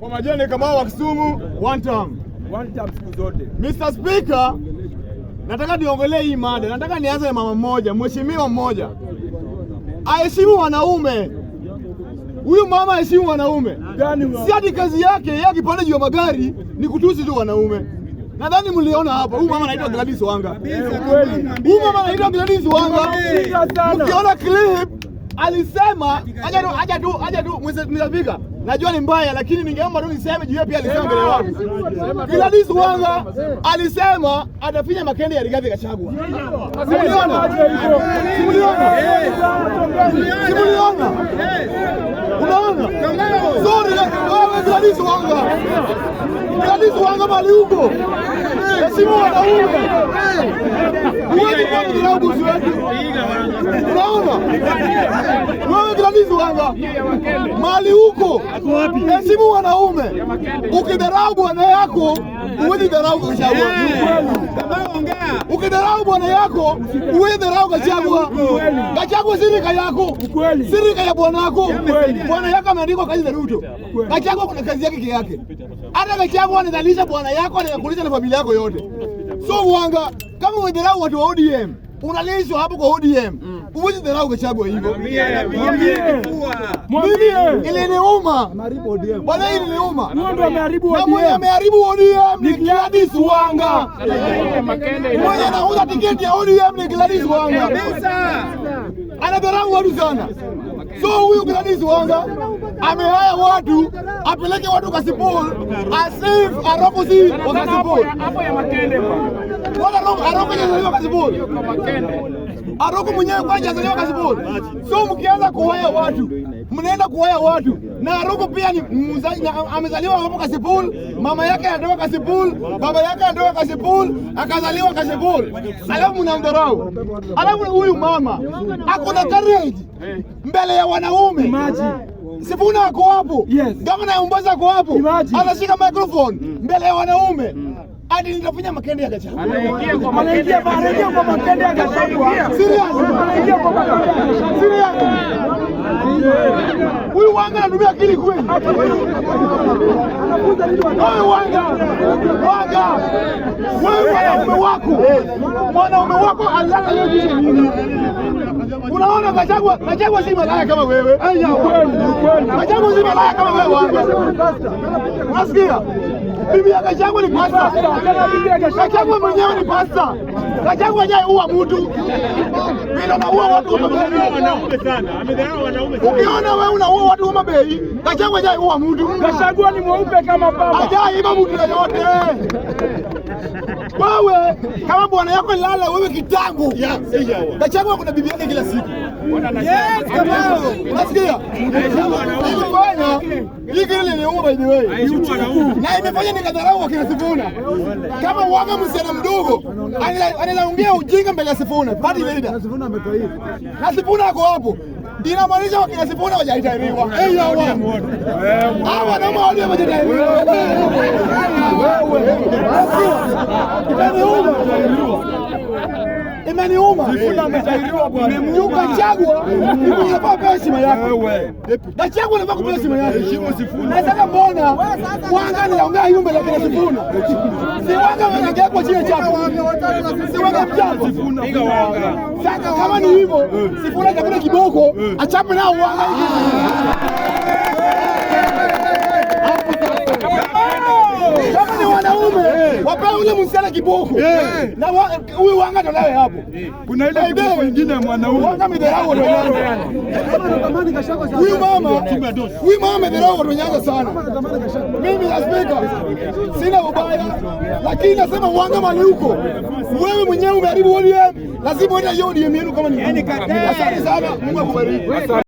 Kwa majani kama wa Kisumu one time. One time siku zote. Mr. Speaker, nataka niongelee hii mada. Nataka nianze mama mmoja, mheshimiwa mmoja. Aheshimu wanaume. Huyu mama aheshimu wanaume. Si hadi kazi yake yeye akipanda juu ya magari ni kutusi tu wanaume. Nadhani mliona hapa. Huyu mama anaitwa Gladys Wanga. Huyu mama anaitwa Gladys Wanga. Mkiona clip alisema aja tu aja tu aja tu Mr. Speaker najua ni mbaya, lakini ningeomba tu niseme juu pia. Alisema mbele wapi? Gladys Wanga alisema atafinya makende ya Rigathi Gachagua. Simuliona, simuliona, simuliona mgalizi wanga mgalizi wanga mali huko heshimu wanaume huwezi kuwa mjirauguzi wetu. Unaona wewe mgalizi wanga mali huko heshimu wanaume, ukidharau bwana yako huwezi dharau kachagua. Ukidharau bwana yako huwezi dharau kachagua. Kachagua sirika yako, sirika ya bwanako. Bwana yako ameandikwa kazi za Ruto, kachagua kazi yake kiyake. Hata kaki yako anadhalisha bwana yako anakulisha na familia yako yote. So wanga kama umedharau watu wa ODM unalishwa hapo kwa ODM. Mm. Uwezi dharau Gachagua hivyo. Mimi iliniuma. Bwana hii iliniuma. Huyo ndio ameharibu ODM. Na mwenye ameharibu ODM ni Gladys Wanga. Mwenye anauza tiketi ya ODM ni Gladys Wanga. Anadharau watu sana. So huyu Gladys Wanga amehaya watu apeleke watu Kasipul asif arokosi wa Kasipul wala aroko nyezaliwa Kasipul aroko mwenyewe kwanza azaliwa Kasipul. So mkianza kuhaya watu mnaenda kuhaya watu na aroko pia ni amezaliwa hapo Kasipul, mama yake anatoka Kasipul, baba yake anatoka Kasipul, akazaliwa Kasipul, alafu mnamdharau. Alafu huyu mama ako courage mbele ya wanaume maji Sifuna ako hapo, Yes. gavana ya Mombasa ako hapo, anashika microphone mm. mbele ya wanaume mm. hadi nitafanya makende ya Gachagua. Anaingia kwa makende ya Gachagua. Serious. Anaingia kwa makende ya Gachagua. Serious. Huyu wanga anatumia akili kweli. Anafunza nini Huyu Wanga. Wanga. Wewe mwanaume wako, mwanaume wako alala leo Gachagua, Gachagua si malaya kama wewe. Gachagua si malaya kama wewe. Unasikia? Bibi ya Gachagua ni pasta. Gachagua mwenyewe ni pasta. Gachagua mwenyewe huwa mtu. Bila na huwa watu wanaume sana. Ukiona wewe unaua watu kama bei, Gachagua mwenyewe huwa mtu. Gachagua ni mweupe kama baba. Hajaiba mtu yeyote. Wewe kama bwana yako lala wewe kitangu. Gachagua kuna bibi yake kila siku na imefanya nikadharau wakina Sifuna. Kama uwaga msichana mdogo anilaungia ujinga mbele ya Sifuna party leader, na Sifuna ako hapo, inamaanisha wakina Sifuna wajatairiwa hawa nama walio Imeniuma, ukachagwa unapewa heshima yako, Gachagua unapewa kupewa heshima yako. Na sasa mbona wanga naongea yumbe lakini Sifuna si wanga wanagekwa chini chako, si wanga mchapo. Sasa kama ni hivyo, eh. Sifuna chakula kiboko eh. achape nao wanga eh. Wapea ule msichana kiboko. Eh. Eh. Na huyu wanga ndo nawe hapo. Kuna ile kiboko nyingine mwanaume. Wanga midharau ndo nyanza Huyu mama, huyu mama midharau ndo nyanza sana. Mimi ya speaker sina ubaya, lakini nasema wanga mali huko. Wewe mwenyewe umeharibu ODM, lazima uende ODM yenu kama ni. Yaani Asante sana, Mungu akubariki.